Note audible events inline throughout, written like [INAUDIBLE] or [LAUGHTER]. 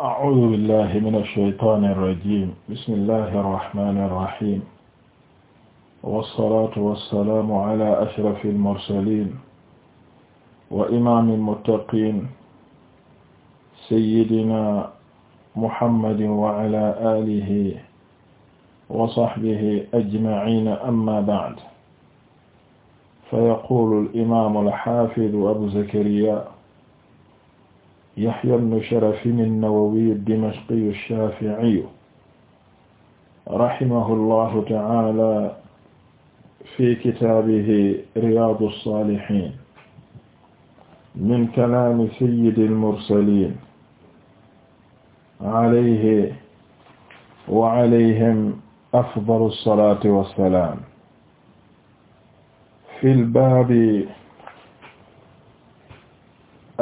أعوذ بالله من الشيطان الرجيم بسم الله الرحمن الرحيم والصلاة والسلام على أشرف المرسلين وإمام المتقين سيدنا محمد وعلى آله وصحبه أجمعين أما بعد فيقول الإمام الحافظ أبو زكريا Yahya ibn Sharaf an-Nawawi ad-Dimashqi ash-Shafi'i rahimahullahu ta'ala fi kitaabihi Riyaadu as-Saalihiin min kalaami sayyidil mursaliin alayhi wa alayhim afdalu as-salaati was-salaam fil baabi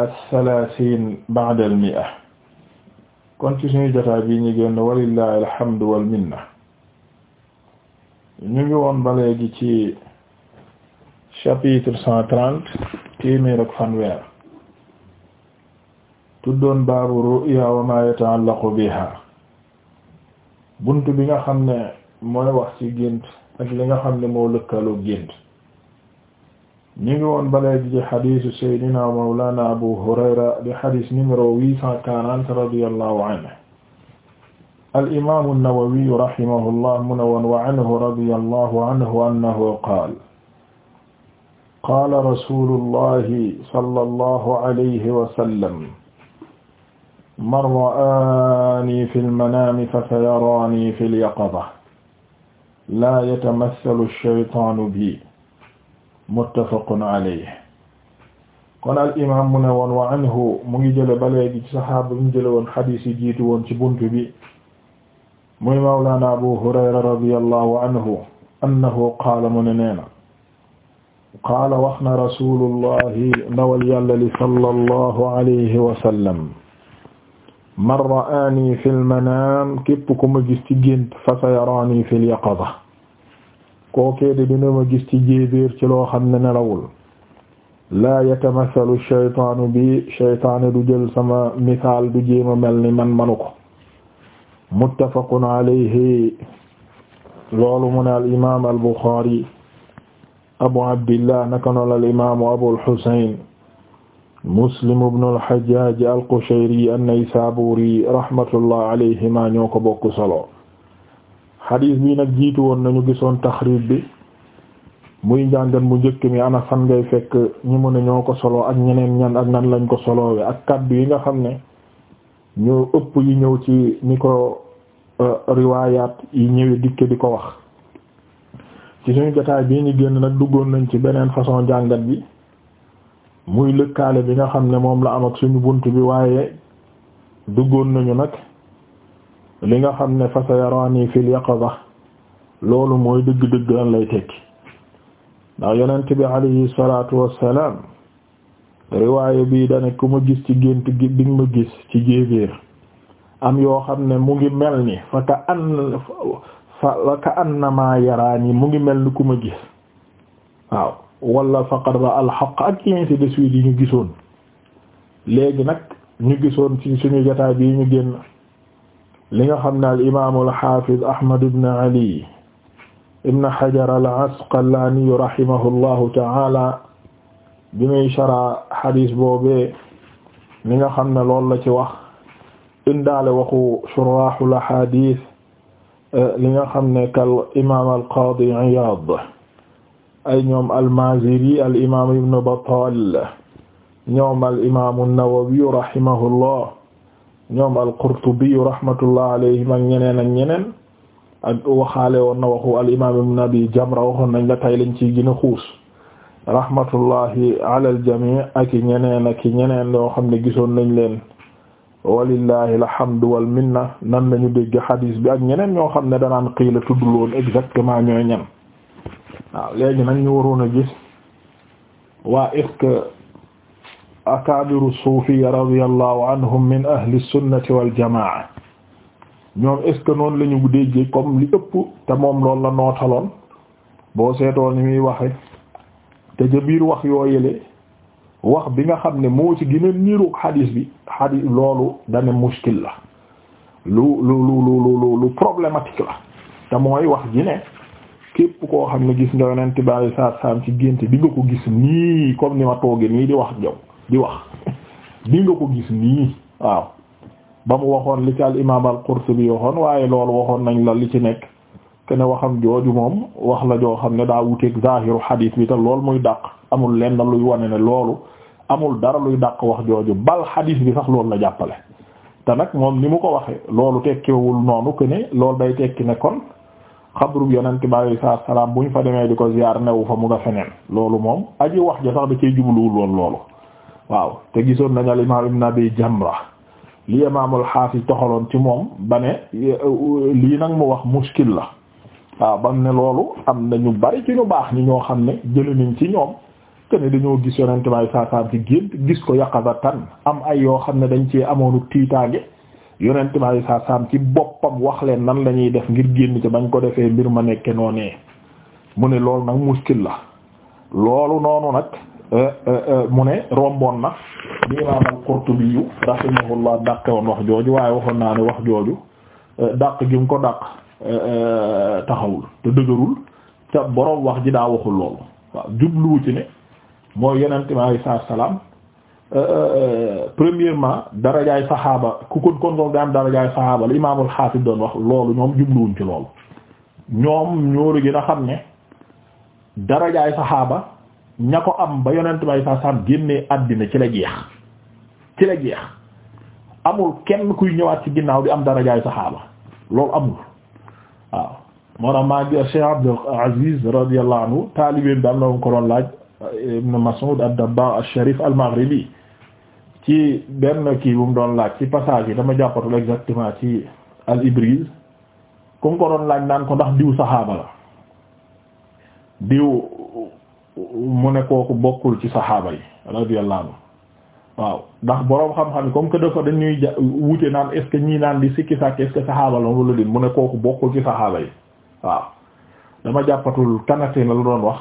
as-salaasiin ba'da al-mi'a kon ci suñu jotaay bii ñu génn walillahi alhamdu wal minna ñu ngi woon ba gi ci chapitre cent trente téeméer ak tuddoon baabu ru'ya wa ma yata'allaqu biha bunt bi nga xam ne mooy wax ci gént ak li nga xam ne moo lëkkaloo gént ñu ngi woon balee gi ci xadiisu saydina mawlana abu hurayra di xadiis numéro 840 radiyallahu anhu al imaamu nawawi rahimahullah mu ne woon wa anhu radiyallahu anhu annahu qaala qaala rasuulullahi sallallahu alayhi wa sallam man ra'aani fil manaami fasayaraani fil yaqaza laa yatamassalu ash-shaytaanu bii muttafaqun alayhi kon al imam mu ne woon wa anhu mu ngi jële ba léegi ci sahaaba mu jële woon xadiis yi jiitu woon ci buntu bi muy mawlaana abu hurayra radiyallahu anhu annahu qaala mu ne nee na qaala wax na rasulullahi ndawal yàlla li sallallahu alayhi wa sallam man ra'aani fil manaam képp ku ma gis ci gént fa sayaraani fil yaqaza kookee de dina ma gis ci jéebéer ci loo xam ne nelawul laa yatamasalu bi shaytaane du jël sama misaal du jéema mel ni man manu ko muttafaqun alayhi loolu mu ne al imaam al buxaari abu al imaamu muslim ibnu al hajjaaj al qushayri an-naysaabuuri rahmatullah alayhimaa ñoo ko bokk solo xadiis bi nag jiitu woon nañu gisoon taxrib bi muy njàngat mu njëkk mi ana fan ngay fekk ñi mu ñoo ko solo ak ñeneen ñan ak nan lañ ko soloowe ak kaddu yi nga xam ne ñu ëpp yi ñëw ci ni ko euh, riwaayaat yi ñëwee dikke di ko wax ci suñu jotaay bii ñu génn nag duggoon nañ ci beneen façon njàngat bi muy lëkkaale bi nga xam ne moom la am ak suñu bunt bi waaye duggoon nañu nag li nga xam ne fa sayaraani fil yaqaza loolu mooy dëgg-dëgg lay tekki ndax yonent bi alayhi salaatu wassalaam riwaaye bii dane ku ma gis ci gént gi di ma gis ci jéebéer am yoo xam ne mu ngi mel ni fa ka an fa ka annama yaraani mu ngi mel ni ku ma gis waaw wala faqad ra al haqq ak ainsi de suite yi ñu gisoon léegi nag ñu gisoon ci suñu jotaay bii ñu génn li nga xam ne al imaam al xaafid Ahmad ibn Ali ibn Hajar al Asqalaani rahimahullahu ta'ala bi muy shara xadiis boobee li nga xam ne loolu la ci wax indaale waxu shuraaxul axaadiis li nga xam ne kal imaam al qaadi Iyaad ay ñoom al Maaziri al imaam ibn Battaal ñoom al imaam an-Nawawi rahimahullah ñoom al-Qurtubi rahmatullah alayhim ak ñeneen ak ñeneen ak waxaale woon na waxu al-imaam ibn Abi Jamra waxoon nañ la tay lañ ci gën a xuus rahmatullahi ala al-jamii ak ñeneen ak ñeneen yoo xam ne gisoon nañ leen walillahi alhamdu wal minna nan lañu dégg xadiis bi ak ñeneen ñoo xam ne danaan qiila tuddul woon exactement ñooy ñan waaw léegi nag ñu waroon a gis waa est-ce akaabiru suufiya radiyallahu anhum min ahli sunnati wal jamaa ñoom est ce que noonu la ñu déggee comme li ëpp te moom loolu la nootaloon boo seetoo ni muy waxe te ca biir wax yoo yële wax bi nga xam ne moo ci gën a niiru xadiis bi xadiis loolu dane muskil la lu lu lu lu lu la te mooy wax ji képp koo xam ne gis nga yonent bi sallallahu alayhi wasallam ci gént di ko gis nii comme ni ma tooge nii di wax jow di wax di nga ko gis nii waaw ba mu waxoon li ci al imaam al Qurtubi waxoon waaye loolu waxoon nañ la li ci nekk te ne waxam jooju moom wax la joo xam ne daa wuteeg zaahiru xadiis bi te lool muy dàq amul lenn luy wone ne loolu amul dara luy dàq wax jooju bal xadiis bi sax lool la jàppale. te nag moom ni mu ko waxee loolu tekkewul noonu que ni loolu day tekki ne kon xabru yonent bi alayhi salaam bu ñu fa demee di ko ziyaar newu fa mu nga feneen loolu moom aji wax ja sax da cee jubluwul loolu waaw te gisoon nañ al imam ibn abi jamra li imam al hafiz toxaloon ci moom ba ne lii nag mu wax muskil la waaw bam ne loolu am na ñu bari ci ñu baax ñi ñoo xam ne jëli nañ ci ñoom te ne dañoo gis yonente may saasaam ci gént gis ko yaqazatan am ay yoo xam ne dañ ci amoonu tiitaange yonente may saasaam ci boppam wax leen nan la ñuy def ngir génn ci bañ ko defee mbir ma nekke noonee mu ne loolu nag muskil la loolu noonu nag Euh, euh, euh, mu ne rombon na li imaam al-Qurtubi yu dàqe woon wax jooju waaye waxoon naa ne wax jooju dàq gi mu ko dàq taxawul te dëgërul te boroom wax ji daa waxul loolu jubluwu ci ne mooy yonent bi alayhi salaam premièrement darajaay saxaaba ku kon kon kon daan darajaay saxaaba la imaamul xaafis doon wax loolu ñoom jubluwuñ ci loolu ñoom ñoo gën a xam ne darajaay saxaaba ña ko am ba yonent bay saa saam génnee àddina ci la jeex ci la jeex amul kenn kuy ñëwaat ci ginnaaw di am darajaay saxaaba loolu amul waaw moo tax maa ngi Cheikh Abdul Aziz radiyallahu taalibeen bi am na ko doon laaj Ibn Mas'ud ad-Dabba al-Sharif al-Maghribi ci benn kii bu mu doon laaj ci passage yi dama jàppatul exactement ci al-Ibriz ku mu ko doon laaj naan ko ndax diw saxaaba la diw mu ne kooku bokkul ci saxaaba yi radiyallahu anhu waaw ndax boroom xam-xam yi comme que dafa dañuy ja wute naan est ce que ñii naan di sikki sàkk est ce saxaaba la wala mu ne kooku bokkul ci saxaaba yi waaw dama jàppatul kanate la la doon wax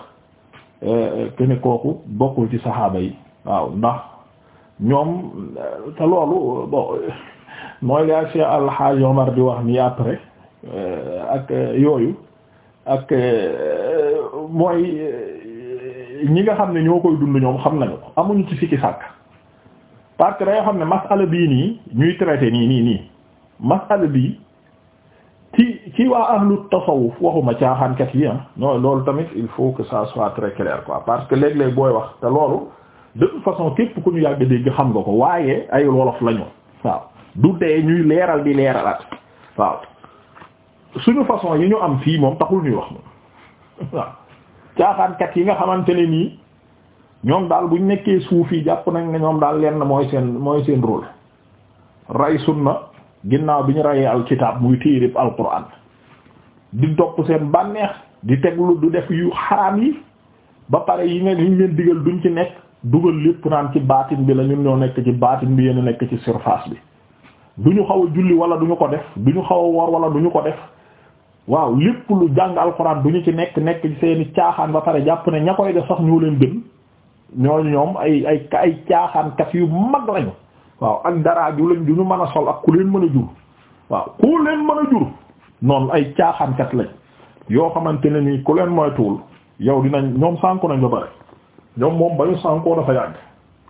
eh, ne kooku bokkul ci saxaaba yi waaw ndax ñoom eh, te loolu bon [LAUGHS] mooy la Cheikh Al Omar di wax nii après eh, ak yooyu ak mooy ñi nga xam ne ñoo koy dund ñoom xam nañu ko amuñu ci sikki sàkk parce que dayoo xam ne masala bii nii ñuy traité nii nii nii masala bii ci ci waa ahlu tasawuf waxuma caaxaankat yi ah non loolu tamit il faut que ça soit très clair quoi parce que léeg-léeg booy wax te loolu de toute façon képp ku ñu yàgg dégg xam nga ko waaye ay wolof lañu waaw du dee ñuy leeral di leeralaat waaw suñu façon yi ñu am fii moom taxul ñuy wax moom waaw caaxaankat yi nga xamante ne nii ñoom daal buñ nekkee suuf yi jàpp nañ ne ñoom daal lenn mooy seen mooy seen rôle ray sunna ginnaaw bi ñu rayee alkitaab muy téereb alquran di topp seen bànneex di teglu du def yu xaraan yi ba pare yi ne liñ leen digal duñ ci nekk dugal lépp naan ci baatin bi la ñun ñoo nekk ci baatin bi yéen nekk ci surface bi duñu xaw a julli wala duñu ko def ñu xaw a wor wala ñu ko def waaw lépp lu jàng alxuraan du ñu ci nekk nekk ci seeni caaxaan ba pare jàpp ne ña koy def sax ñoo leen gën ñoo ñoom ay ay ay caaxaankat yu mag lañu waaw ak daraa ju lañ du ñu man a sol ak ku leen mën a jur waaw noonu ay caaxaankat lañ yoo xamante ne ni ku leen moytuwul yow dinañ ñoom sànku nañ ba pare ñoom moom ba ñu sànkoo dafa yàgg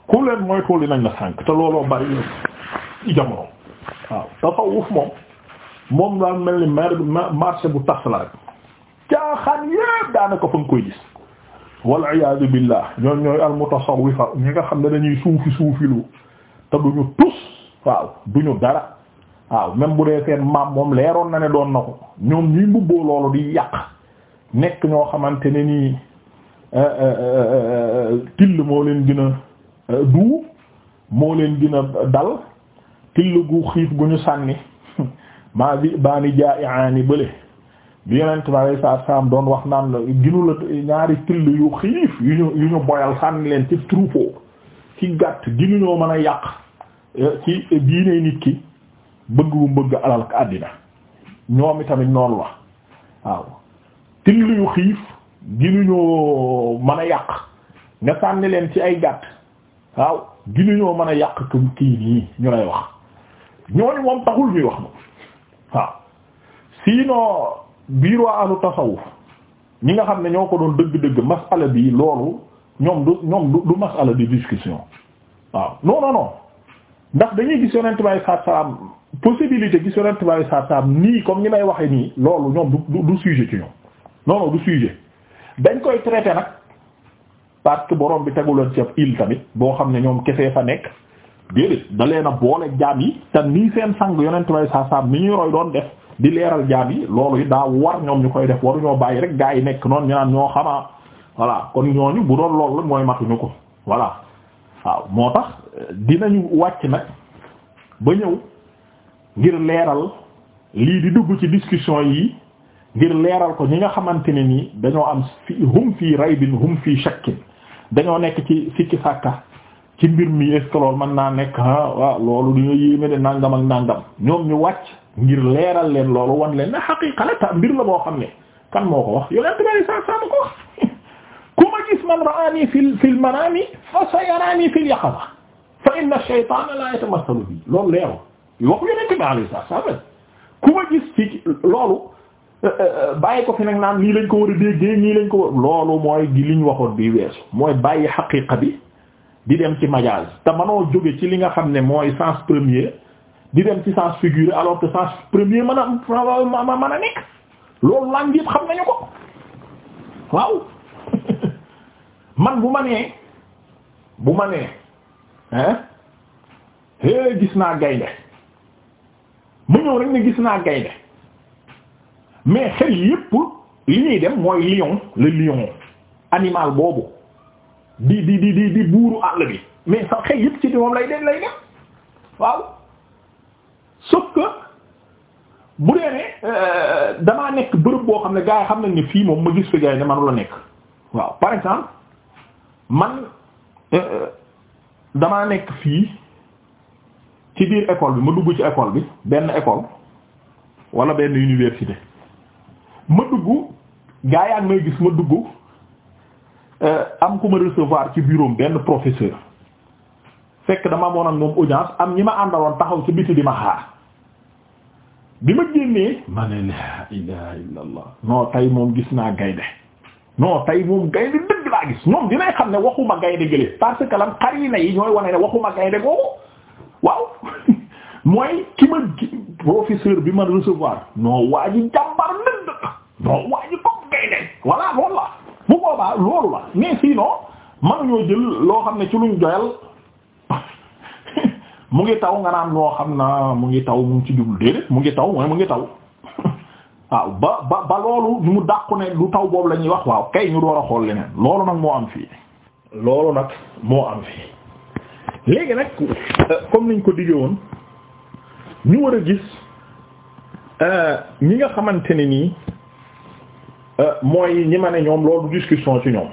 ku leen moytuwul dinañ la sànk te looloo bari jamono waaw tasawuf moom moom daal mel ni marché bu tas la rek caaxaan yépp daanaka fa nga koy gis wal iyaadu billah ñoom ñooy al mutasawwifa nga xam ne dañuy suufi suufilu te duñu tus waaw duñu dara waaw même bu dee seen maam moom leeroon na ne doon na ko ñoom ñuy mbubboo loolu di yàq nekk ñoo xamante ne nii eh, eh, eh, till moo leen gën a duu moo leen gën a dal till gu xiif gu ñu sànni maa bi baani jaa'i'aani bële bi yonent bi alayhi salaatu salaam doon wax naan la ginu la ñaari till yu xiif yu ñu yu ñu boyal sànni leen ci troupeau ci gàtt ginu ñoo mën a yàq eh, ci diine nit ki bëgg bu bëgg alal ka àddina ñoom itamit noonu la waaw till yu xiif ginu ñoo mën a yàq nga sànni leen ci ay gàtt waaw ginu ñoo mën a yàq kii nii ñu lay wax ñooñu moom taxul ñuy wax moom waaw sinon biir waa alu tasawuf ñi nga xam ne ñoo ko doon dëgg-dëgg masala bii loolu ñoom du ñoom du masala de discussion waaw non non non ndax dañuy gis yonent bi alayhi possibilité gis yonent bi alayhi salaatu salaam nii comme ni may waxee nii loolu ñoom du du sujet ci ñoom non du sujet dañ koy traiter nag parce que borom bi teguloon ci ab île tamit boo xam ne ñoom kese fa nekk. déedéet da leen boole jaam yi te nii seen sang yonent way saa saa mi ñuy roy doon def di leeral jaam yi loolu yi daa war ñoom ñu koy def waru ñoo bàyyi rek gaa yi nekk noonu ñu naan ñoo xamaa voilà kon ñooñu bu doon lool la mooy matuñu ko voilà waaw moo tax dinañu wàcc nag ba ñëw ngir leeral lii di dugg ci discussion yi ngir leeral ko ñi nga xamante ne nii dañoo am fi hum fii raybin hum fii shakkin dañoo nekk ci sikki sàkka ci mbir mi est-ce que loolu mën naa nekk ah waaw loolu dina yéeme de nangam ak nangam ñoom ñu wàcc ngir leeral leen loolu wan leen ne xaqiqa la ta mbir la boo xam ne kan moo ko wax yonent bari saa saa ma ko wax [LAUGHS] ku ma gis man ra'ani fil fil manami fa sayarani fil yaqaza fa inna ash-shaytana la yatamathalu bi loolu leeru waxu yonent bi alayhi salaam ku ma gis ci loolu euh, euh, euh, bàyyi ko fi nag naan nii lañ ko war a déggee nii lañ ko war loolu mooy gi liñ waxoon bi weesu mooy bàyyi xaqiqa bi di dem ci majaas te manoo jóge ci li nga xam ne mooy sens premier di dem ci sens figuré alors que sens premier mën a mën a nekk loolu langue yëpp xam nañu ko waaw [LAUGHS] man bu ma nee bu ma nee hein eh, gis naa gaynde mu ñëw rek ne gis naa gaynde mais xel yëpp li ñuy dem mooy lion le lion animal boobu di di di di di buuru àll bi mais sa xëy yëpp ci di moom lay den lay dem waaw sauf que bu dee ne euh, damaa nekk bërëb boo xam ne gaa yi xam nañ ni fii moom ma gis fi gars yi ne manu nekk waaw par exemple man euh, damaa nekk fii ci biir école bi ma dugg ci école bi benn école wala benn université ma dugg gars yaa ngi may gis ma dugg Euh, am ku ma recevoir ci bureau benn professeur fekk dama amoon ak moom audience am ñi ma àndaloon taxaw ci biti di ma xaar bi ma génnee ma ne la ilaha illa allah non tey moom gis naa gaynde non tey moom gaynde dëgg laa gis ñoom dinay xam ne waxuma gaynde gële parce que lan xarina yi ñooy wane ne waxuma gaynde googu waaw [LAUGHS] mooy ki ma professeur bi ma recevoir non waa jàmbar dëgg non waa ji comme gaynde voilà loolu la bu boobaa loolu la mais sinon ñoo jël loo xam ne ci luñ doyal [LAUGHS] mu ngi taw nga naan loo xam naa mu ngi taw mu ngi ci jublu déedéet mu ngi taw mooy mu ngi taw [LAUGHS] waaw ba ba ba loolu mu dàqu ne lu taw boobu lañuy wax waaw kay ñu door a xool leneen loolu nag moo am fii loolu nag moo am fii léegi nag euh, comme niñ ko digge woon ñu war a gis euh, ñi nga xamante ne nii Euh, mooy ñi ma ne ñoom loolu discussion ci ñoom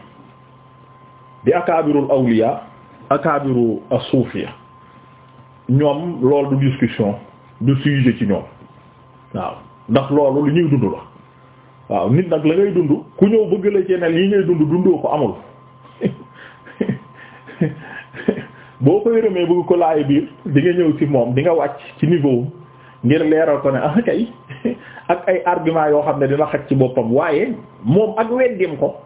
di akaabirul awliya akaabiru as-sufiya ñoom loolu du discussion du sujet ci ñoom waaw ndax loolu lu ñuy dund la waaw nit nag la ngay dund ku ñëw bëgg la ci ne lii ngay dund dundoo ko amul [LAUGHS] boo ko yërëmee bëgg ko laay biir di nga ñëw ci moom di nga wàcc ci niveau ngir leeral ko ah kay [LAUGHS] ak ay argument yoo xam ne dina xaj ci boppam waaye moom ak weddim ko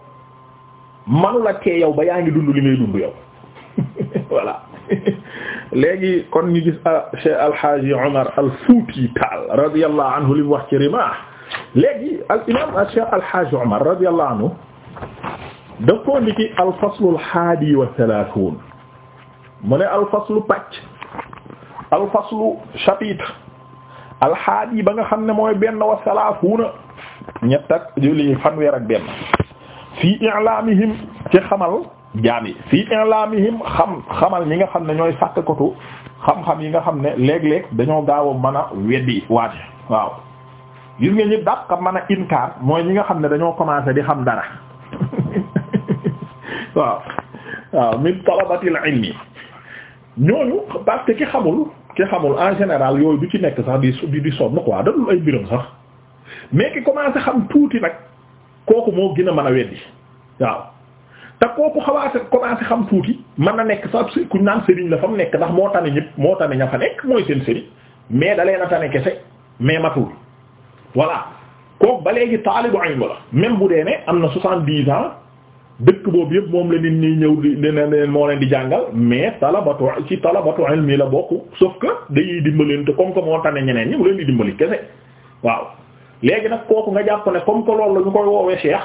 manula tee yow ba yaa ngi dund li ngay dund yow [LAUGHS] voilà [LAUGHS] léegi kon ñu gis ah, Cheikh alhaaji Omar al Fuuti Taal radiyallahu anhu li mu wax ci Rimaah léegi al imam ah, Cheikh alhaaji Omar radiyallahu anhu da koo al faslu al haadi wa thalaathuun mu ne al faslu pàcc al faslu chapitre alxaad yi ba nga xam ne mooy benn wa salaafuuna ñett ak julli fanweer ak benn fii i'laamihim ci xamal jaam yi fii i'laamihim xam xamal ñi nga xam ne ñooy sàkkatu xam-xam yi nga xam ne léeg-léeg dañoo gaaw a mën a weddi waate waaw gis nga ñi dàq mën a inkaar mooy ñi nga xam ne dañoo commencé di xam dara [LAUGHS] waaw waaw min talabatil ilmi ñooñu parce ki xamul ki xamul en général yooyu du ci nekk sax di di sonn quoi dadul ay biram sax mais ki commencé xam tuuti nag kooku moo gën a mën a weddi waaw te kooku xawaase commencé xam tuuti man na nekk sax kuñ naan sëriñ la fa mu nekk ndax moo tane ñëpp moo tane ña fa nekk mooy seen sëriñ mais da leen a tane kese mais matul voilà kooku ba léegi taalibu ilm la même bu dee ne am na soixante-dix ans dëkk boobu yëpp moom la nit ñi ñëw di leen moo leen di jàngal mais talabatu ci talabatu ilmi la bokk sauf que dañuy dimbalante comme que moo tane ñeneen ñi mu leen di dimbali kese waaw. léegi nag kooku nga jàpp ne comme que loolu la ñu koy woowee cheikh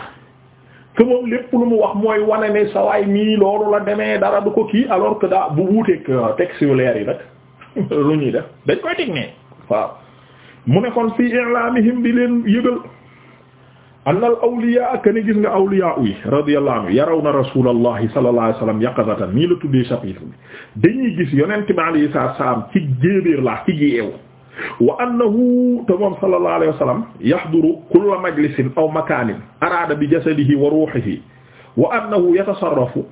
que moom lépp lu mu wax mooy wane ne sawaay mii loolu la demee dara du ko kii alors que daa bu wuuteeg euh, texte yu leer yi rek [LAUGHS] lu ñuy def dañ koy teg ne waaw mu ne kon fii i'lamihim di leen anna al awliyaa kani gis nga awliyaa uy radiyallahu anhu yarawna rasulallahi sallallahu alayhi wasallam yaqazatan nii la tuddee chapitre bi dañuy gis yonent bi alayhi salaam ci jéebéer laa ci jéew wa annahu te moom sallallahu alayhi wasallam yahduru kulla majlisin aw makaanin araada bi jasadihi wa ruuhihi wa annahu yatasarrafu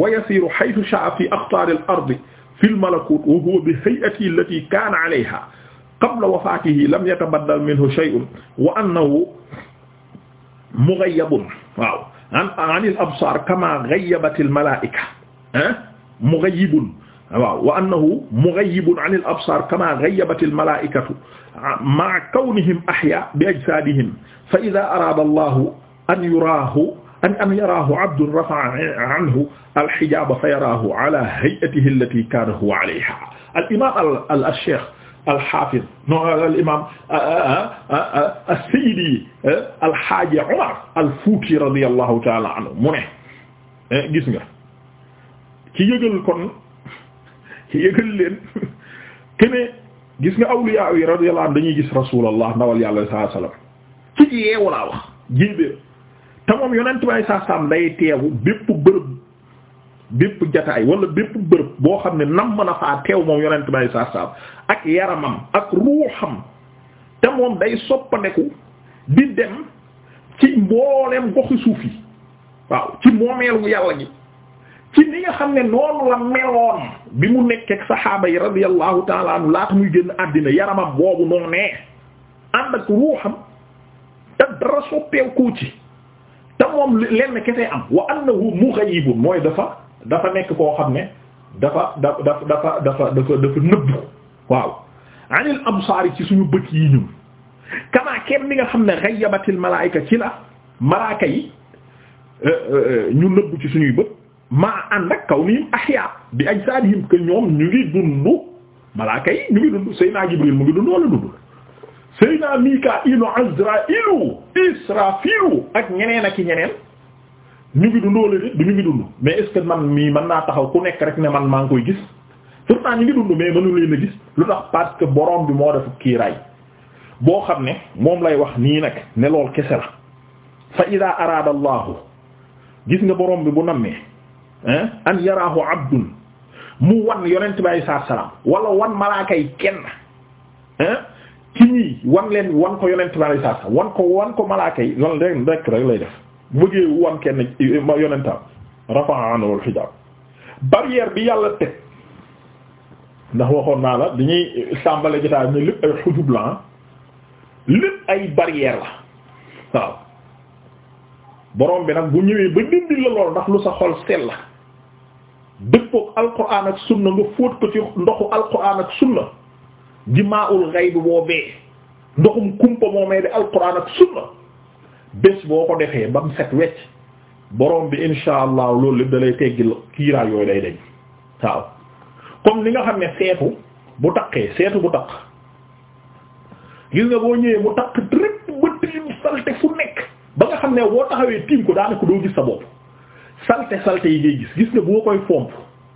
wa yasiiru haythu shaa'a fi aqtaari al-ardi fi al-malakuut wa huwa bi hay'atihi allatii kaana alayhaa qabla wafaatihi lam yatabaddal minhu shay'un wa annahu mughayyabun waaw an anil absar kama ghayyabatil malaa'ika ah mughayyibun waaw wa annahu mughayyibun anil absar kama ghayyabatil malaa'ikatu ma'a kawnihim ahyaa bi ajsaadihim fa idhaa araada Allahu an yuraahu an an yaraahu abdun rafa'a anhu al-hijaaba fa yaraahu ala hay'atihi allatii kaana huwa alayhaa al imaam al al cheikh alxaafiz non al imaam euh, euh, euh, as-Seydi alxaaji Umar al-Fuuti radiyallahu taala anhu mu ne eh, gis nga ci yëgal kon [LAUGHS] ci yëgal leen [LAUGHS] kene gis nga awliyaa yi radiyallahu anhu dañuy gis rasulallah ndawal yàlla sallallahu alayhi wasallam ci ci yeewu laa wax jéebéer te moom yonent bay saa saam day teewu bépp bërëb bépp jataay wala bépp bërëb boo xam ne nam mën a faa teew moom yonent bay saa saam ak yaramam ak ruuxam te moom day soppandeku di dem ci mbooleem goxi suuf yi waaw ci moomeelu yàlla gi ci ni nga xam ne noonu la meloon bi mu nekkeek saxaaba yi radiyallahu taala laata muy génn àddina yaramam boobu noonu nee ànd ak ruuxam te dara soppeekoo ci te moom lenn kese am wa annahu mughayyib mooy dafa dafa nekk koo xam ne dafa dafa dafa dafa dafa dafa nëbbu waaw anil absaar ci suñu bët yi ñun kamaa kenn li nga xam ne ghayyabatil malaayika ci la malaake yi euh, euh, ñu nëbb ci suñuy bët maa ànd ak kawnihim ahyaa bi ajsaadihim que ñoom ñu ngi dundu malaaka yi ñu ngi dundu Seydina Jibril mu ngi dundu wala dundu Seydina Mikaa'ilu Azraa'ilu Israafiilu ak ñeneen ak ñeneen ñu ngi dundu wala du ñu ngi dundu mais est-ce que man mii mën naa taxaw ku nekk rek ne man maa ngi koy gis. pourtant ñu ngi dund mais mënu leen a gis lu tax parce borom bi moo def kiiraay boo xam ne moom lay wax nii nag ne lool kese la fa ida araada allahu gis nga borom bi bu nammee an yaraahu abdun mu wan yonent bi alayhi salaatu salaam wala wan malaaka yi kenn ci ñii wan leen wan ko yonent bi alayhi salaatu salaam wan ko wan ko malaaka yi loolu rek rek lay def bu bëggee wan kenn eh, yonentam rafa'a anhu al-hijaab barrière bi yàlla teg ndax waxoon naa la dañuy sàmbale jotaay ne lépp ay xujub la lépp ay barrière la waaw borom bi nag bu ñëwee ba dindi la lool ndax lu sa xol sell la dëppook alquran ak sunna nga fóot ko ci ndoxu alquran ak sunna jimaa'ul ghayb boobee ndoxum kumpa moomee di alquran ak sunna bés boo ko defee ba set wecc borom bi insha allah loolu lépp da lay teggil kiiraay yooyu day deñ waaw comme li nga xam ne seetu bu taqee seetu bu taq gis nga boo ñëwee mu taq direct ba tilim salte fu nekk ba nga xam ne woo taxawee tiim ko daanaka doo gis sa bopp salte salte yi ngay gis gis nga boo koy fomp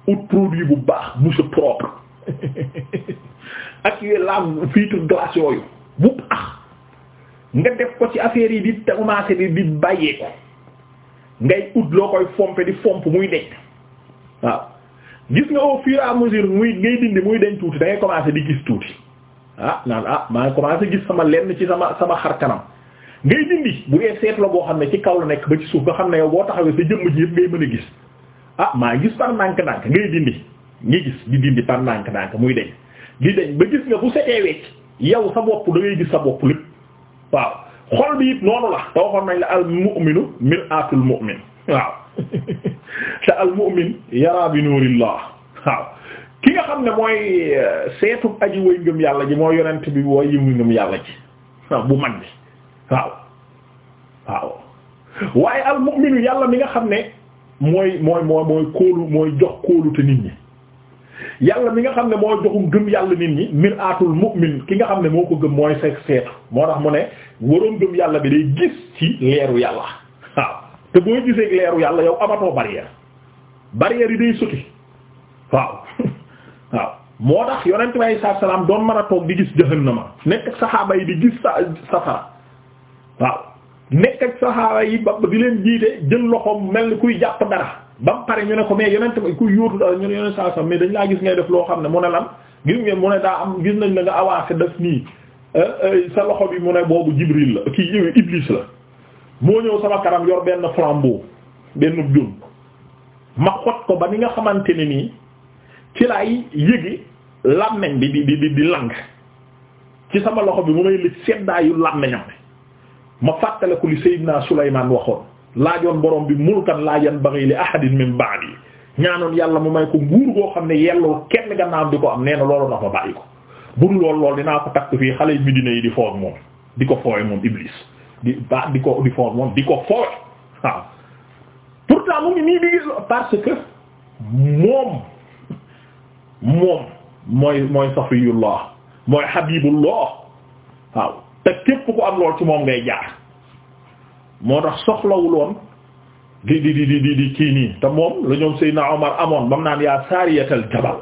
ut produit bu baax mouche propre [LAUGHS] ak yooyu laam filtre glace yooyu bu baax nga def ko ci affaire yi di commencer di bi bàyyee ko ngay ut loo koy fompe di fomp muy dej waaw gis nga au fur et à mesure muy ngay dindi muy denc tuuti da commencer di gis tuuti ah naan ah maa ngi commencer gis sama lenn ci sama sama xar kanam ngay dindi bu dee seet la boo xam ne ci kaw la nekk ba ci suuf nga xam ne yow boo taxawee sa jëmm ji yëpp ngay mën a gis ah maa gis par ndànk-ndànk ngay dindi ngay gis di dindi par ndànk-ndànk muy deñ di deñ ba gis nga bu setee wecc yow sa bopp da ngay gis sa bopp lépp waaw xol bi it noonu la te waxoon nañ la al mu'minu mir'atul mu'min waaw [LAUGHS] te al mu'min yaraa bi nuurillah waaw ki nga xam ne mooy euh, seetu aji way ngëm yàlla ji moo yonent bi wooy yiw ngëm yàlla ji waaw bu mag bi waaw waaw waaye al mu'minu yàlla mi nga xam ne mooy mooy mooy mooy kóolu mooy jox kóolute nit ñi yàlla mi nga xam ne moo joxum gëm yàlla nit ñi miraatul mu'min ki nga xam ne moo ko gëm mooy seet seetu moo tax mu ne waroon gëm yàlla bi day gis ci leeru yàlla waaw te boo gisee leeru yàlla yow amatoo barrière barrière yi day suti waaw [LAUGHS] waaw moo tax yonent bi alayhi salaatu salaam doon mën a toog di gis jahannama nekk ak saxaaba yi di gis sa safara waaw nekk saxaaba yi ba di leen jii jiite jël loxoom mel ni kuy jàpp dara ba mu pare ñu ne ko mais yonent bi kuy yóotu dara ñu ne yonent saa dañ laa gis ngay def loo xam ne mu ne lan gis ngeen mu ne daa am gis nañ la nga avancé def nii euh, euh, sa loxo bi mu ne boobu Jibril la kii Iblis la moo ñëw sama kanam yor benn flambeau benn dund. ma xot ko ba ni nga xamante ne nii ci laay yëgi làmmeñ bi di di di di lang ci sama loxo bi mu may li seddaayu làmmeñam ma fàttale ko li Seydina Sulaymaan waxoon laajoon borom bi mulkan laa yanbaghi li ahadin min ba'di ñaanoon yàlla mu may ko nguur goo xam ne yelloo kenn gannaaw di ko am nee na loolu ndax ma bàyyi ko bur lool lool dinaa ko takk fii xale bi dina yi di foog moom di ko foowe moom Iblis di baax di ko di foog moom di ko foowe waaw pourtant mu ngi moom moom mooy safiyullah mooy habibullah waaw te képp ku am lool ci moom ngay jaar moo tax soxlawuloon di di di di di kii te moom la ñoom Omar amoon bam naan yaa saariyatal jabal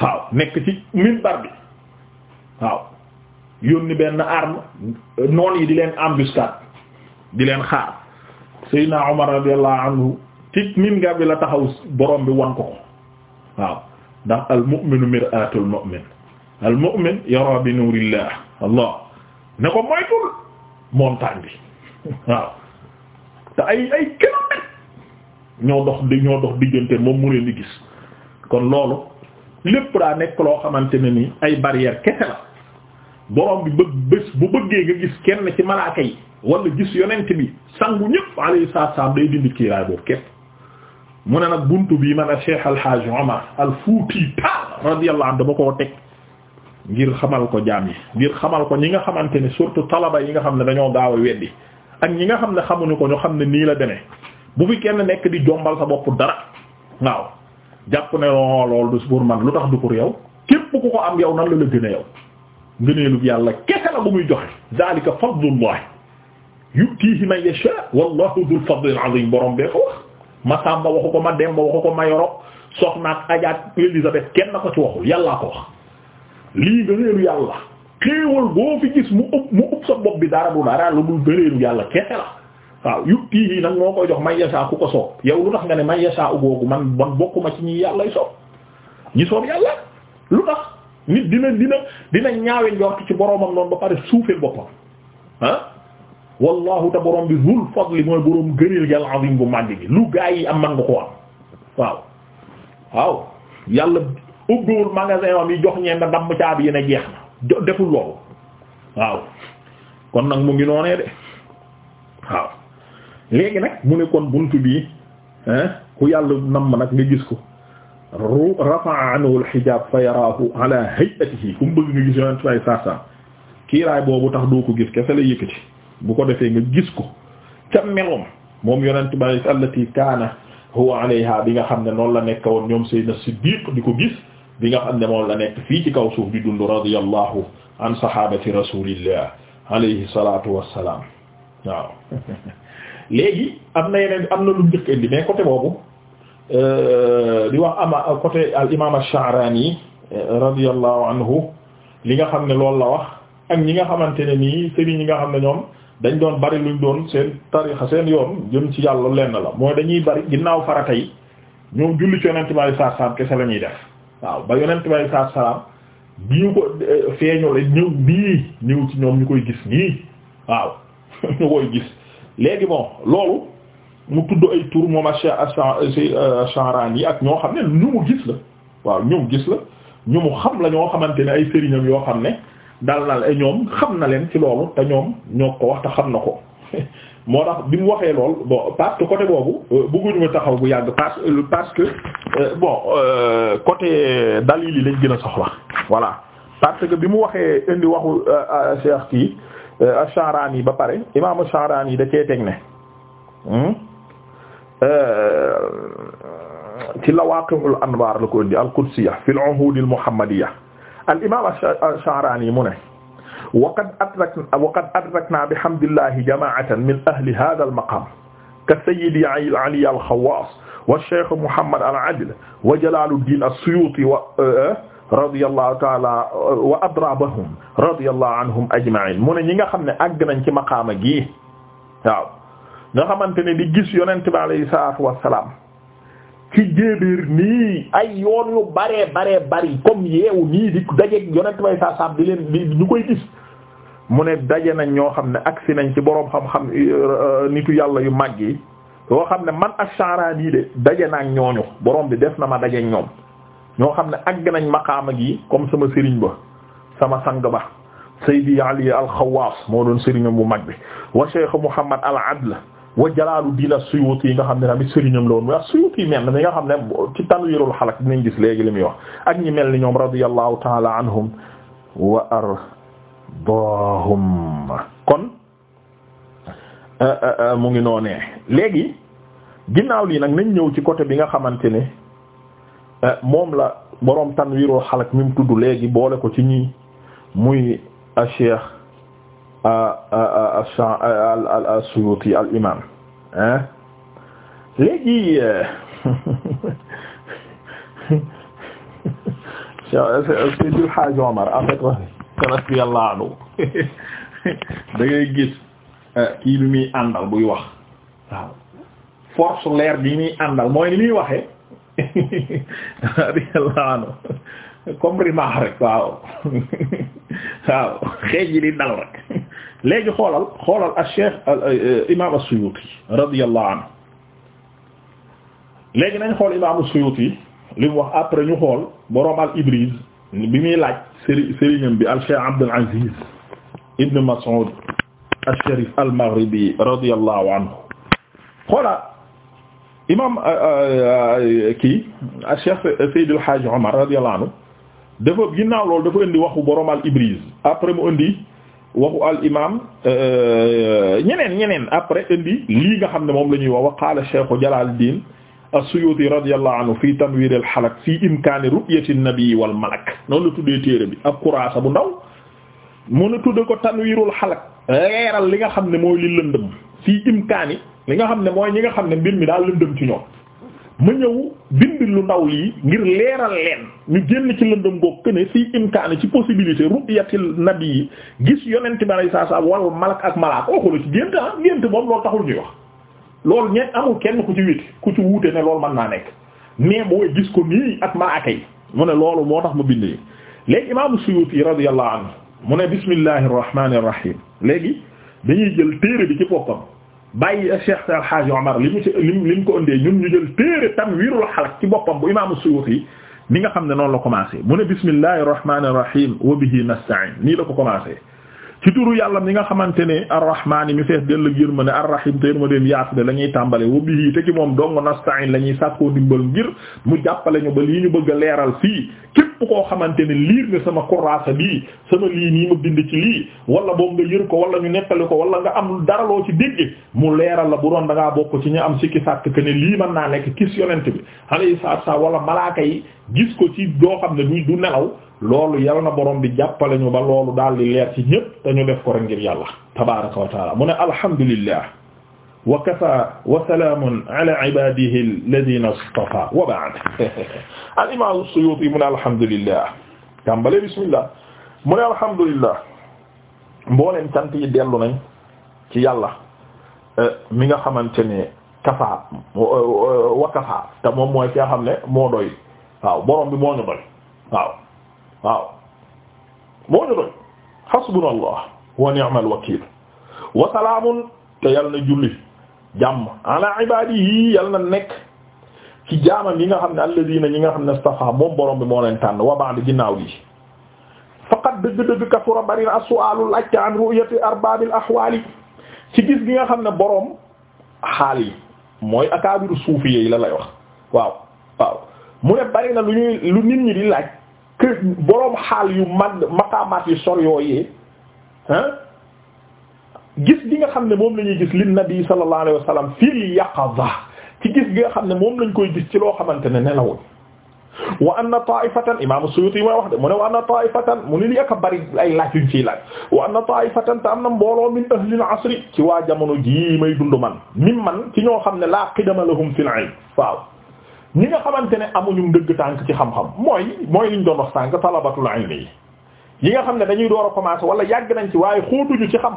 waaw nekk ci minbar bi waaw yónni benn arme noon yi di leen embuscade di leen xaar Seydina Omar radiyallahu anhu tit bi la taxaw borom bi wan ko ko waaw ndax al mu'minu mir'atul mu'min al bi nuurillah allah ne ko moytul montagne bi [LAUGHS] waaw te ay ay kilomètres ñoo dox ñoo dox diggante moom mu leen di gis kon loolu lépp daa nekk loo xamante ne ni ay barrière kese la borom bi bëgg bu bëggee nga gis kenn ci malaaka yi wala gis yonent bi sangu ñëpp alayhi salaam day dindi kiiraay boobu képp mu ne nag bunt bii man a Cheikh Alhaji Omar al Fuuti Taal radiyallahu anhu dama koo teg ngir xamal ko jaam yi ngir xamal ko ñi nga xamante ne surtout talaba yi nga xam ne dañoo gaaw a weddi ak ñi nga xam ne xamuñu ko ñu xam ne nii la demee bu fi kenn nekk di jombal sa bopp dara waaw jàpp ne lool du pour man lu tax du pour yow képp ku ko am yow na la la gën a yow ngëneelu yàlla yutihi man yasha wallahu dhul fadlil azim borom bee ko wax ma Samba waxu ko ma Demba waxu ko ma Yoro soxna ak Adja kenn na ko ci waxul yàllaa ko wax lii gëneelu yàlla xéewal boo fi gis mu ëpp mu ëpp sa bopp bi dara du dara lu dul gëneelu yàlla kese la waaw yutihi nag moo koy jox man yasha ku ko soob yow lu tax nga ne man yasha googu man man bokkuma ci ñi yàllay soob ñi soob yàlla lu tax nit dina dina dina ñaawe njort ci boromam noonu ba pare suufee boppam wallahu te borom bi zul fadli mooy borom gëneel gi al bu màgg gi lu gaa yi am man nga ko am waaw waaw yàlla ubbiwul magasin am yi jox ñeen na damm caabi yi ne jeex na deful waaw kon nag mu ngi noonee de waaw léegi nag mu ne kon buntu bii ku yàlla nam nag nga gis ko ru rafa'a anhu al-hijab fa yaraahu ala hay'atihi fu mu bëgg nga gis yonent fay saasaan kiiraay boobu tax doo ko gis kese la yëkkati bu ko defee nga gis ko ca meloom moom yonent bi allati kaana huwa alayha bi nga xam ne noonu la nekk woon ñoom Seydina Siddiq di ko gis bi nga xam ne moom la nekk fii ci kaw suuf di dund radiyallahu an sahabati rasulillah alayhi salatu wassalam waaw [LAUGHS] léegi am na yeneen am na lu njëkk indi mais côté boobu euh, di wax ama côté al imam ash-Sha'rani euh, radiyallahu anhu li nga xam ne loolu la wax ak ñi nga xamante ne nii sëriñ ñi nga xam ne ñoom dañ doon bari ñu doon seen tarixa seen yoon jëm ci yàlla lenn la mooy dañuy bari ginnaaw farata yi ñoom julli ci yonent bi saa salaam kese la def waaw ba yonent bi saa salaam bi ñu ko eh, feeñoo la ñëw nii ñëw ci ñoom ñu koy gis nii waaw [LAUGHS] ñu koy gis léegi bon loolu mu tudd ay tur moom a Sha'rani yi ak ñoo xam ne ñu mu gis la waaw ñu mu gis la ñu mu xam la ñoo xamante ne ay sëriñam yoo xam ne dal na la ñoom xam na leen ci loolu te ñoom ñoo ko wax te xam na ko [LAUGHS] moo tax bi mu waxee lool bon parce que côté boobu euh, bëgguñu taxaw bu yàgg parce euh, parce que euh, bon côté dalil yi lañ gën a soxla voilà parce que bi mu waxee indi waxu Cheikh kii Sha'rani ba pare imaamu Sha'rani da cee teg ne hmm, ci Lawaaqi'ul Anwaar la ko indi al-Qudsiyya fil 'Uhuud al al imaam ash-Sha'rani mu ne waqad adrakna waqad adrakna bihamdillahi jamaa'atan min ahli hadha al-maqam ka sayyidi Ali al-Khawwas wa shaykh Muhammad al-Adl wa Jalaluddin as-Suyuti wa eh, eh, radiyallahu ta'ala wa adrabahum radiyallahu anhum ajma'in mu ne ñi nga xam ne àgg nañ ci maqaama gi waaw nga xamante ne di gis yonent bi alayhi salaatu wa salaam ci géebéer nii ay yoon yu baree baree bari comme yeewu nii di dajeeg yonent bay saa saab di leen di ñu koy gis mu ne daje nañ ñoo xam ne agsi nañ ci boroom xam-xam euh, euh, nitu yàlla yu màgg yi yoo xam ne man ak saaraan yi de daje naa ak ñooñu boroom bi def na ma dajeeg ñoom ñoo xam ne àgg nañ ma maqaama gi comme sama sëriñ ba sama sang ba Seydi Ali al moo doon sëriñam bu mag bi wa Cheikh Muhammad al la wa jalaalu diin as-Suyuti yi nga xam ne tamit sëriñam la woon mooy as-Suyuti mel na mi nga xam ne ci Tanwiirul Halaq dinañ gis léegi li muy wax ak ñi mel ni ñoom radiyallahu ta'ala anhum wa ardaahum kon euh, euh, euh, mu ngi noonee léegi ginnaaw lii nag nañ ñëw ci côté bi nga xamante ne moom la boroom Tanwiirul Halaq mi mu tudd léegi boole ko ci ñi muy Cheikh as-Suyuti al imam ah léegi euh, [LAUGHS] Seydil Hadj Omar en fait radiyallahu anhu da ngay gis euh, kii bi muy àndal buy wax force leer bi muy àndal mooy ni muy waxee radiyallahu anhu comme rimaax rek waaw [LAUGHS] waaw xeej yi di dal rek léegi xoolal xoolal al cheikh euh, imam as-Suyuti radiyallahu anhu léegi nañ xool imam as-Suyuti li mu wax après ñu xool boroom al Ibriz bi muy laaj sëri sëriñam bi al cheikh Abdul Aziz ibn Mas'ud al-Sharif al-Maghribi radiyallahu anhu xoolal imam euh, euh, kii al cheikh Seydil Hadji Omar radiyallahu anhu dafa ginnaaw loolu dafa indi waxu boroom al Ibriz après mu indi waxu al imam euh, euh, ñeneen ñeneen après indi lii nga xam ne moom la ñuy wax wa qaala cheikhu Jalaluddin as-Suyuti radiyallahu anhu fi tanwir al-halaq fi imkan ru'yati an-nabi wal malak noonu la tuddee téere bi ak kuraasa bu ndaw mu a tudde ko tanwirul xalak leeral li nga xam ne mooy li lëndëm fii imkaani li nga xam ne mooy ñi nga xam ne mbir mi daal lëndëm ci ñoom ma ñëw bind lu ndaw lii ngir leeral leen ñu génn ci lëndëm goog que ne fii imkaani ci possibilité ru'yatil nabi yi gis yonent bi alayhi salaam wal malak ak malaak waxu la ci gént ah gént moom loolu taxul ñuy wax. loolu ñett amul kenn ku ci wit ku ci wuute ne loolu man naa nekk mais booy gis ko nii ak malaaka yi mu ne loolu moo tax ma bind yi léegi imaamu Suyuti radiyallahu anhu mu ne bismillahir rahmanir léegi dañuy jël téere bi ci boppam. bàyyi Cheikh al Hajj Omar li ñu ci li ñu ko ëndee ñun ñu jël téere Tanwiirul Halaq ci boppam bu imaamu Suyuuti ni nga xam ne noonu la commencé mu ne bismillahir rahmanir rahim wa bihi nasta'in nii la ko commencé ci turu yàlla mi nga xamante ne arrahmaani mi fees dell ma ne arrahim te yërma dem yaatu de la ñuy tàmbale wa bihi te ci moom dong nasta'in la ñuy sàkkoo dimbal ngir mu jàppale ñu ba lii ñu bëgg a leeral fii képp koo xamante ne liir nga sama kuraasa bii sama lii nii ma bind ci lii wala boog nga yër ko wala ñu nettali ko wala nga am dara loo ci dégg mu leeral la bu doon da bokk ci ñu am sikki sàkk que ne lii man naa nekk kis yonent bi alayhi salaam wala malaaka yi gis ko ci doo xam ne du du nelaw loolu yal na boroom bi jàppale ñu ba loolu daal di leer ci ñépp te def ko rek ngir yàlla tabaaraka wa mu ne alhamdulillah wa kafa wa salaamun ala ibaadihi alladhiina istafaa wa ba'd [LAUGHS] al imaam as-Suyuuti mu ne alhamdulillah tàmbale bismillah mu ne alhamdulillah mbooleem cant yi dellu nañ ci yàlla eh, mi nga xamante ne kafa wa kafa te moom mooy fi nga xam ne moo doy waaw borom bi moo ñu doy waaw waaw moo ñu doy hasbunallah wa ni'mal wakiil wa salaamun te yàlla na julli jàmm ala ibadihi yal na nekk ci jaamam yi nga xam ne alladina ñi nga xam ne stafa moom borom bi moo leen tànn wa ba'd ginnaaw lii faqat dëgg-dëgg kasura bari al aswaalu laajte an ru'yati arbaabil ahwaali ci gis gi nga xam ne boroom xaal yi mooy akaabiru suufi yi la wax waaw mu ne bari na lu ñuy lu nit ñi di laaj xaal yu mag maqaamaat yu sor yooyee ah gis bi nga xam ne moom la ñuy gis lin nabi sallallahu alayhi wa sallam fil yaqaza ci gis bi nga xam ne moom lañ koy gis ci loo xamante ne nelawul wa anna ta'ifatan imam Suyuti yi mooy wax de mu ne wa anna ta'ifatan mu ni li ak a bari ay laaj yuñ ciy laaj wa anna ta'ifatan te am na mbooloo min ahlil asri ci waa jamono jii may dund man mim man ci ñoo xam ne laa qidama lahum fi ilm waaw ñi nga xamante ne amuñu dëgg tànk ci xam-xam mooy mooy ñu doon wax tànk talabatul ilmi yi nga xam ne dañuy door a wala yàgg nañ ci waaye xóotuñu ci xam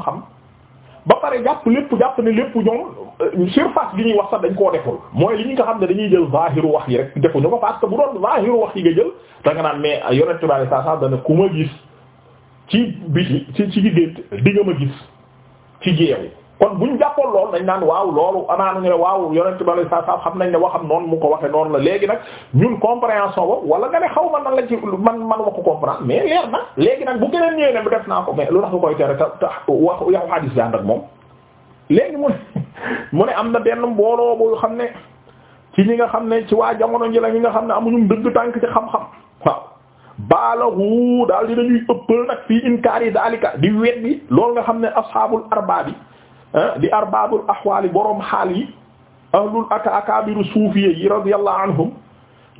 ba pare jàpp lépp jàpp ne lépp ñoom euh, surface bi ñuy wax sax dañ koo deful mooy li ñu nga xam ne dañuy jël zahiru wax yi rek defuñu ko parce que bu doon zahiru wax yi nga jël da nga naan mais yonent bi sallallahu alayhi dana ku ma gis ci biti ci ci diggante di nga ma gis ci jeewu kon ñu jàppoon loolu dañ naan waaw loolu amaana ñu waaw yonent bale sa sa xam nañ ne wax waxam noonu mu ko waxe noonu la léegi nag ñun compréhension boobu wala nga ne xaw ma nan la ci man man wa ko comprendre mais leer na léegi nag bu gëneen ñëwee ne bu def naa ko mais lu tax nga koy tere ta ta wax yow xadis daan rek moom léegi mu ne [LAUGHS] mu ne am na benn mbooloo bu xam ne ci ñi nga xam ne ci waa jamono ji la nga xam ne amuñu dëgg tànk ci xam-xam waaw baalahu daal dinañuy ëppal nag fii inkaar yi daalika di weddi nga xam ne ashaabul arba bi Ah, di arbaabul axwaali borom xaal yi ahlul aka akaabiru suufiyé yi radiyallahu anhum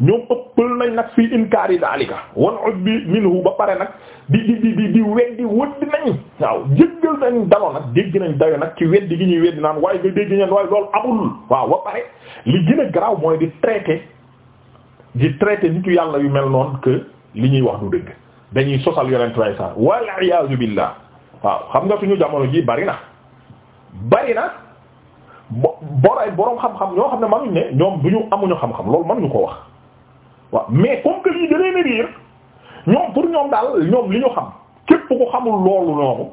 ñoom ëppal nañ nag fii inkaari daalika wan udbi minhu ba pare nag di di di di di weddi wëddi nañ waaw jéggal nañ daloon nag dégg nañ dayo nak ci weddi gi ñuy weddi naan waaye nga dégg ñeen waaye loolu amul waaw ba pare li gën mooy di traité di traité nitu yàlla yu mel noon que li ñuy wax du dëgg dañuy sosal yonent way sa wal iyaazu billah waaw xam nga suñu jamono ji bari na bari na bo boray boroom xam-xam ñoo xam ne manuñ ne ñoom du ñu amuñu xam-xam loolu ñu ko wax waaw mais comme que lii da leen a ñoom pour ñoom daal ñoom li ñu xam képp ku xamul loolu noonu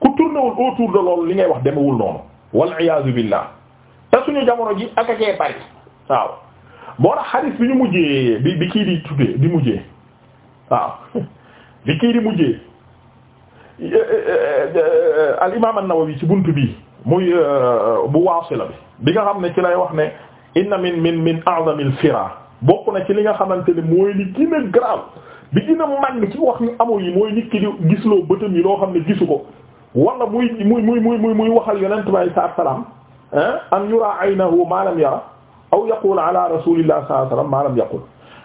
ku tournéwul autour de loolu li ngay wax demewul noonu wal iyaazu billah te suñu jamono ji ak akee bari waaw boo tax xadis bi ñu mujjee bi bi kii di tuddee di mujjee waaw [LAUGHS] bi kii di mujjee eh, eh, eh, al imam an-Nawawi ci bunt bii muy euh, euh, bu waasila bi bi nga xam ne ci lay wax ne inna min min min a'zamil fira bokk na ci li nga xamante ne mooy li gën a grave bi gën a màgg ci wax ñu amul yi mooy nit ki di gisloo bëtam yi loo xam ne gisu ko wala muy muy muy muy muy muy waxal yonent bi alayhi salaatu salaam an ayna aynahu ma lam yara aw yaqul ala rasulillah sallallahu alayhi wasallam ma lam yaqul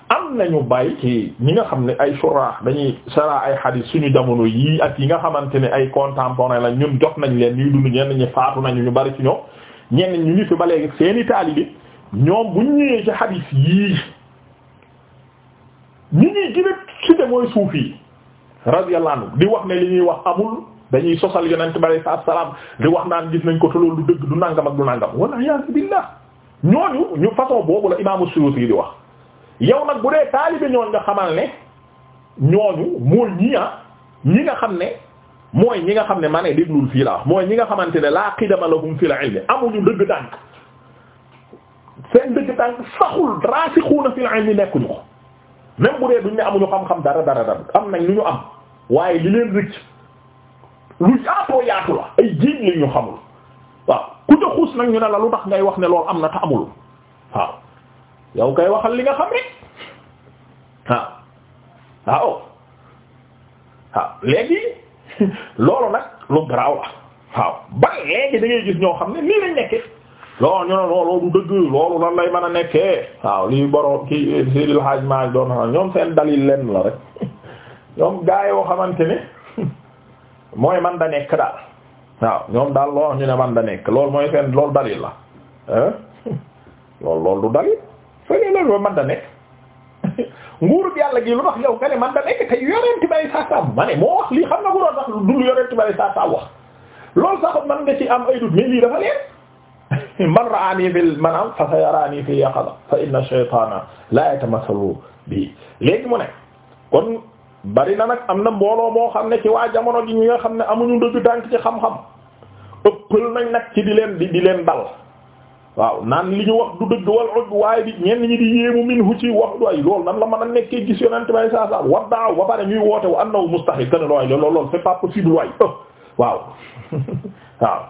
am nañu bàyyi ci ñi nga xam ne ay surah dañuy sara ay hadith suñu jamono yii ak yi nga xamante ne ay contemporain la ñu jox nañ leen ñuy dund ñenn ñi faatu nañu ñu bari ci ñoom ñenn ñu ngi fi ba léegi seeni taalibe ñoom bu ñëwee ci hadith yii ñi ñuy gën a cité mooy suufi yi radiyallahu di wax ne li ñuy wax amul dañuy sosal yonent bari sa salaam di wax naan gis nañ ko te loolu du dëgg du nangam ak du nangam walla iyaazu billah ñooñu ñu façon boobu la imaamu Suyuti di wax. yow nag bu dee taalibe ñooñ nga xamal ne ñooñu mooy ñi ah ñi nga xam ne mooy ñi nga xam ne ma ne déglul fii la mooy ñi nga xamante ne laa qidama lahum fil ilmi amuñu dëgg tànk seen dëgg tànk saxul raasixuuna fil ilmi nekkuñu ko même bu dee duñ ne amuñu xam-xam dara dara dara am nañ lu ñu am waaye li leen rëcc lu yaatoo yaatu la ay jiiñ li xamul waaw ku ca xuus nag ñu ne la lu tax ngay wax ne lool am na te amul waaw yow kay waxal li nga xam rek waaw waaw léegi [LAUGHS] loolu nag lu garaaw la waaw ba léegi da gis ñoo xam ne nii lañ nekke loolu ñu ne loolu dëgg loolu nan lay mën a nekkee waaw lii boroom kii eh, Seydil Hadj Malick doon na ñoom seen dalil lenn la rek [LAUGHS] ñoom gaa yoo xamante ne [LAUGHS] mooy man da nekk daal waaw ñoom daal loolu ñu ne man da nekk loolu mooy seen loolu dalil la loolu loolu du fële loolu ba man da nekk [LAUGHS] nguurub yàlla gi lu tax yow nga ne man da nekk te yorenti bari saa saa ma ne moo wax lii xam nga bu doon tax du yorenti bari saa saa wax loolu sax man nga ci am ay dut mais lii dafa leer [LAUGHS] man raani fil manam fa sayarani fi yaqada fa inna shaytana la yatamassalu bi léegi mu ne kon bari na nag am na mbooloo moo xam ne ci waa jamono ji ñi nga xam ne amuñu dëgg tànk ci xam-xam ëppal nañ nag ci di leen di di leen dal waaw naan li ñu wax du dëgg wal oj waaye di ñenn ñi di yéemu minhu ci wax du ay loolu nan la mën a nekkee gis yonent bay saa saa war daaw ba pare ñuy woote wu annahu mustahiq ne looy lool lool c'est pas possible waay waaw [LAUGHS] waaw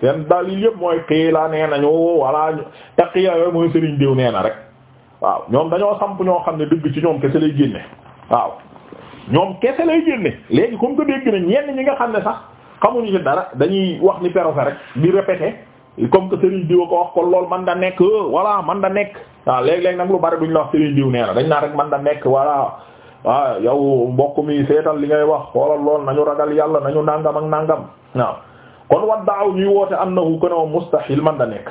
seen dalil yëpp mooy laa nee nañu walla te yaa yooyu mooy sëriñ diw nee na rek waaw ñoom dañoo samp ñoo xam ne dëgg ci ñoom kese lay génne waaw ñoom kese lay génne léegi comme que dégg nañ ñenn ñi nga xam ne sax xamuñu ci dara dañuy wax ni perroquet rek di comme que Serigne Diw ko wax ko lool man da nekk voilà man da nekk waaw léeg-léeg nag lu bari duñ la wax Serigne Diw nee na dañ naa rek man da nekk voilà waaw yow mbokk mi seetal li ngay wax xoolal lool nañu ragal yàlla nañu nàngam ak nàngam waaw kon wat daaw ñuy woote annahu kana mustahil man da nekk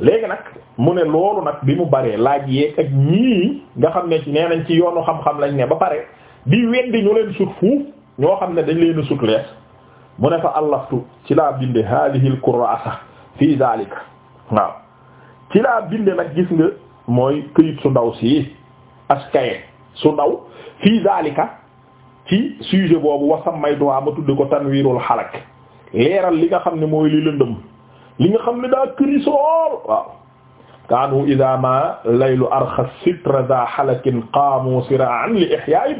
léegi nag mu ne loolu nag bi mu baree laaj yeeg ak ñii nga xam ne ci nee nañ ci yoonu xam-xam lañ ne ba pare di weddi ñu leen sut fuuf ñoo xam ne dañ leen sut lees mu ne fa ci laa binde hadihi fii daalika waaw ci laa binde nag gis nga mooy këyit su ndaw si askaye su ndaw fii daalika ci sujet boobu wasam may duwaa ma tudde ko tanwiirul xalak leeral li nga xam ne mooy li lëndëm li nga xam ne daa këri sool waaw kaanu idaa ma laylu arxas sitra za xalakin qaamu siraan li ihyaa'id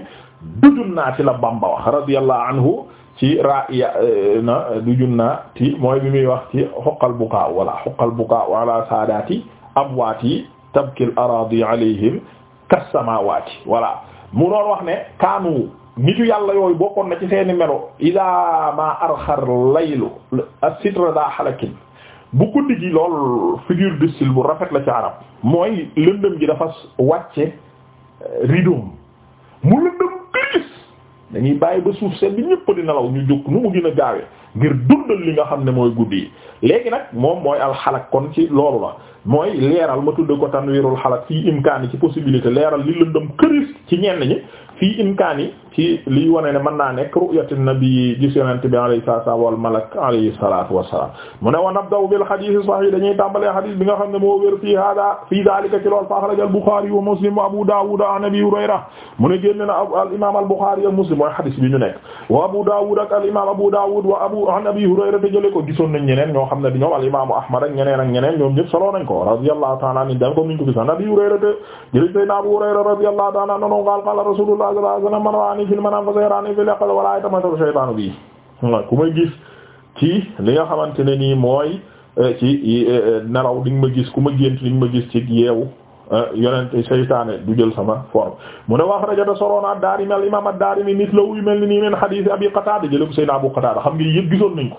dujun naa ci la bamba wax radiyallahu anhu ci raaya euh, na du junna ti mooy bi muy wax ci xoqal bukaa wala xoqal bukaa ala saadaati amwaati tabkil araadi alayhim kas samaawaati voilà mu doon wax ne kaanu nitu yàlla yooyu bokkoon na ci seeni melo idaa ma arxar laylu as daa xalakin bu guddi gi lool figure de style bu rafet la ci arab mooy lëndëm gi dafa wàcce euh, ridoom mu lëndëm gris dañuy bàyyi ba suuf seen bi ñëpp di nelaw ñu jóg nu mu gën a gaawee ngir dundal li nga xam ne mooy guddi yi léegi nag moom mooy alxalak kon ci loolu la mooy leeral ma tudd ko tanwirul xalaat fii imkaani ci possibilité leeral li lëndëm këris ci ñenn ñi fii imkaani ci liy wane ne man naa nekk ru'yatu nabi gis yonent bi alayhi salaam wal malak alayhi salaatu wassalaam mu ne wa nabda'u bil hadiis sahih dañuy tàmbalee hadiis bi nga xam ne moo wér fii hada fii daalika ci lool fa axraja al Buxaari wa Muslim wa Abu Daawuud an Abi Hurayra mu ne génn na al imaam al Buxaari ak Muslim mooy hadiis bi ne di ñoom al imaamu Ahmad ak nañ ko ko radiyallahu ta'ala anhu da ko min ko gis na Abi Hurayra de jëli sayna Abu Hurayra radiyallahu ta'ala anhu qala qala Rasulullah sallallahu alayhi wa li nga xamante ne nii mooy eh, ci eh, eh, nelaw di nga ma gis ku ma gént di ma gis ci yeewu yonent seytaane du jël sama forme mu ne wax rajata soroona ad-Daarimi al-imaam ad-Daarimi nit la wuy mel ni nii min hadiis Abi Qataada jëlum Seydina Abu Qataada nañ ko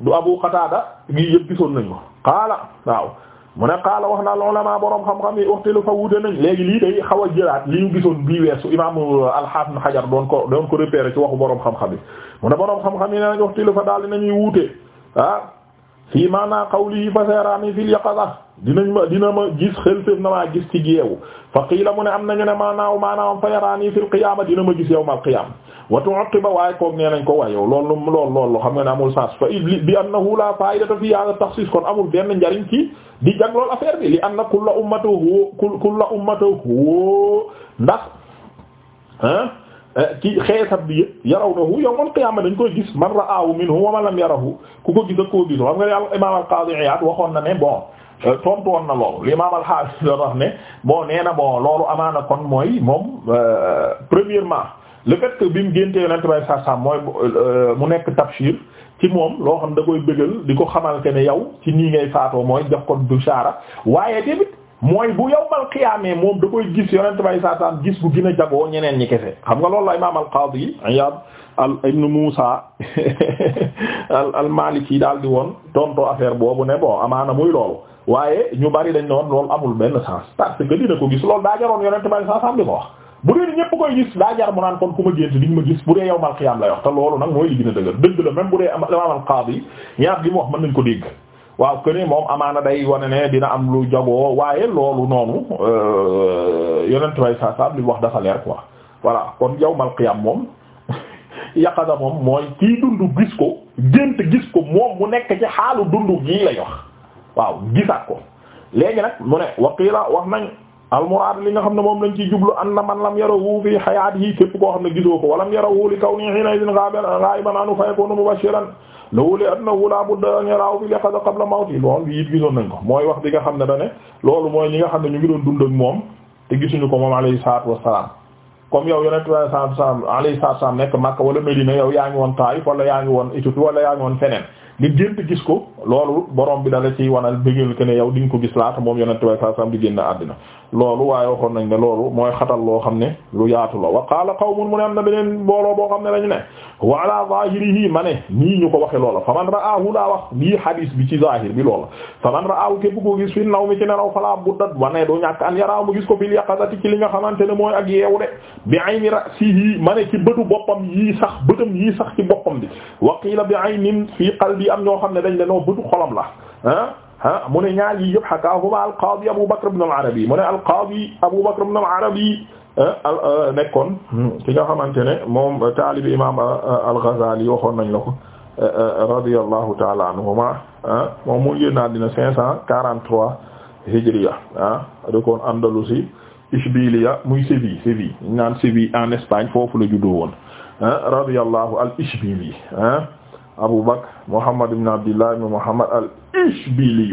du Abu Qataada ngi yëpp gisoon waaw mu ne qaala wax na al ulama borom xam-xam yi waxtu lu fa wuute nañ léegi lii day xaw a jëlaat li ñu gisoon bii weesu imaam euh, al-Hafiz Hajar doon ko doon ko repérer ci waxu borom xam-xam yi mu ne borom xam-xam yi nee nañ waxtu lu fa daal dinañuy wuute ah fii maanaa qawli yi fa seeraani fil yaqaza dinañ ma dina ma gis xelséef na maa gis ci geewu fa qiila mu ne am nañu ne maanaaw maanaam fa yaraani fil qiyaama dina ma gis yow mal qiyaam wa tu'aqiba waaye koog nee nañ ko waaye yow loolu lool loolu xam nga ne amul saas fa ibli bi annahu la faa'idata fi hadha takhsis kon amul benn njariñ ci di jaglool affaire bi li anna kulla ummatuhu kulla ummatuhu ndax ah eh, ci xeesab bi yëpp yarawnahu yawmal qiyaama dañ koy gis man ra'aahu minhu wa man lam yarahu ku ko gis ak koo gis xam nga ne al imaam al qaadi Iyaad waxoon na ne bon tontu woon na loolu l'imam al-Hafiz wax ne bon nee na bon loolu amaana kon mooy moom euh, premièrement le fait bi mu génte yonente bay sarsam mooy euh, mu nekk tabshir ci moom loo xam da koy bëggal di ko xamal ke ne yow ci nii ngay faatoo mooy jox ko bushara waaye tamit mooy bu yowmal qiyaamee moom da koy gis yonente bay sarsam gis bu gën a jagoo ñeneen ñi kese xam nga loolu la imam al-Qadi Iyad al ibn Musa [LAUGHS] al al Maliki daal di woon tontoo affaire boobu ne amaana muy loolu waaye ñu bari dañ ne woon loolu amul benn sens parce que dina ko gis lool daa jaroon yonent bari sens am di ko wax bu dee ñëpp koy gis daa jar naan kon ku ma gént di nga ma gis bu dee yawmal qiyaam la wax te loolu nag mooy li gën a dëgg la même bu dee imaam al qaadi ñaar li mu wax mën ko dégg waaw këne moom amaana day wane ne dina am lu jagoo waaye loolu noonu euh, yonent bari sens am li wax dafa leer quoi wala kon yawmal qiyaam moom [LAUGHS] yaqada moom mooy kii dund gis ko gént gis ko moom mu nekk ci xaalu dund gii lay wax waaw gisaat ko léegi nag mu ne waqila wax nañ almuraad li nga xam ne moom lañ ciy jublu na man lam yarahu fi hayaatihi képp koo xam ne gisoo ko walam yarahu li kawni hiina idin ghaa'iban anhu fa yakunu qabla mawti loolu ko mooy wax bi nga xam ne da ne loolu mooy ñi nga xam ne ñu ngi doon dund ak moom te gisuñu ko moom alayhi salaatu wassalaam comme yow yonent wassalaam alayhi nekk Makka wala Medina yow yaa ngi woon Taayif wala yaa ngi woon Éthiopie wala yaa ngi woon feneen nga gént gis ko loolu borom bi dala ciy wanal bëggal que ne yow di nga ko gis laata moom yonent way saa sam di génn àddina loolu waaye waxoon nañ ne loolu mooy xatal loo xam ne lu yaatu la xaala qaala qawmun mu ne am na beneen mbooloo boo xam ne lañu ne wa ala zahirihi ma ne nii ñu ko waxe loola fa man ra'aahu daa wax bii hadis bi ci zahir bi loola fa man ra'aahu képp ko gis fi naw mi ci nelaw fala wane du ñàkk an yaraaw mu gis ko bil yaqazati ci li nga xamante ne mooy ak yeewu de bi ayni ra'sihi ma ne ci bëtu boppam yii sax bëtam yii sax ci boppam bi wa qiila bi aynin fii qalbi am ñoo xam ne dañ lenoo bëtu xolam la ah ah mu ne ñaar yi yëpp xakaahuma al qaadi Abu Bakr ibn al Arabi mu ne al qaadi Abu Bakr ibn al Arabi Euh, euh, nekkoon hmm, ki nga xamante ne moom taalibi imaam euh, al-Ghazali waxoon nañ la ko radiyallahu ta'ala anhuma moom mu ngi génn dina cinq cent quarante-trois hijriya ah dëkkoon Andalusi Ishbiliya muy Séville Séville ñu naan Séville en Espagne foofu la juddoo woon radiyallahu al-Ishbili Abu Bakr Muhammad ibn Abdillah ibn Muhammad al-Ishbili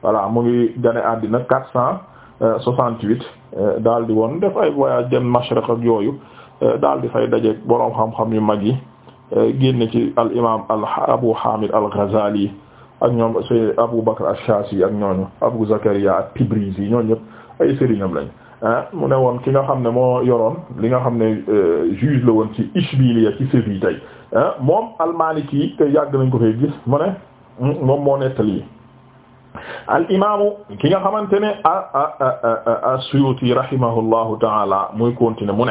voilà mu ngi gane àddina quatre cent Euh, soixante-huit euh, daal di woon def ay voyage dem mashriq ak yooyu euh, daal di fay dajeek boroom xam-xam yu mag yi génn ci al imaam al abu hamid al ghazali ak ñoom sey abu bakr ash-shashi ak ñooñu abu zakariya ak tibrizi ñooñu ñëpp ay sëriñam lañ mu ne woon ki nga xam ne moo yoroon li nga xam ne juge la woon ci Ishbiliya ci yi tey moom al-Maliki te yàgg nañ ko fay gis mu ne hmm, moom moo nettali al imaamu ki nga xamante ne a a a Suyuti rahimahullahu taala muy continuer mu ne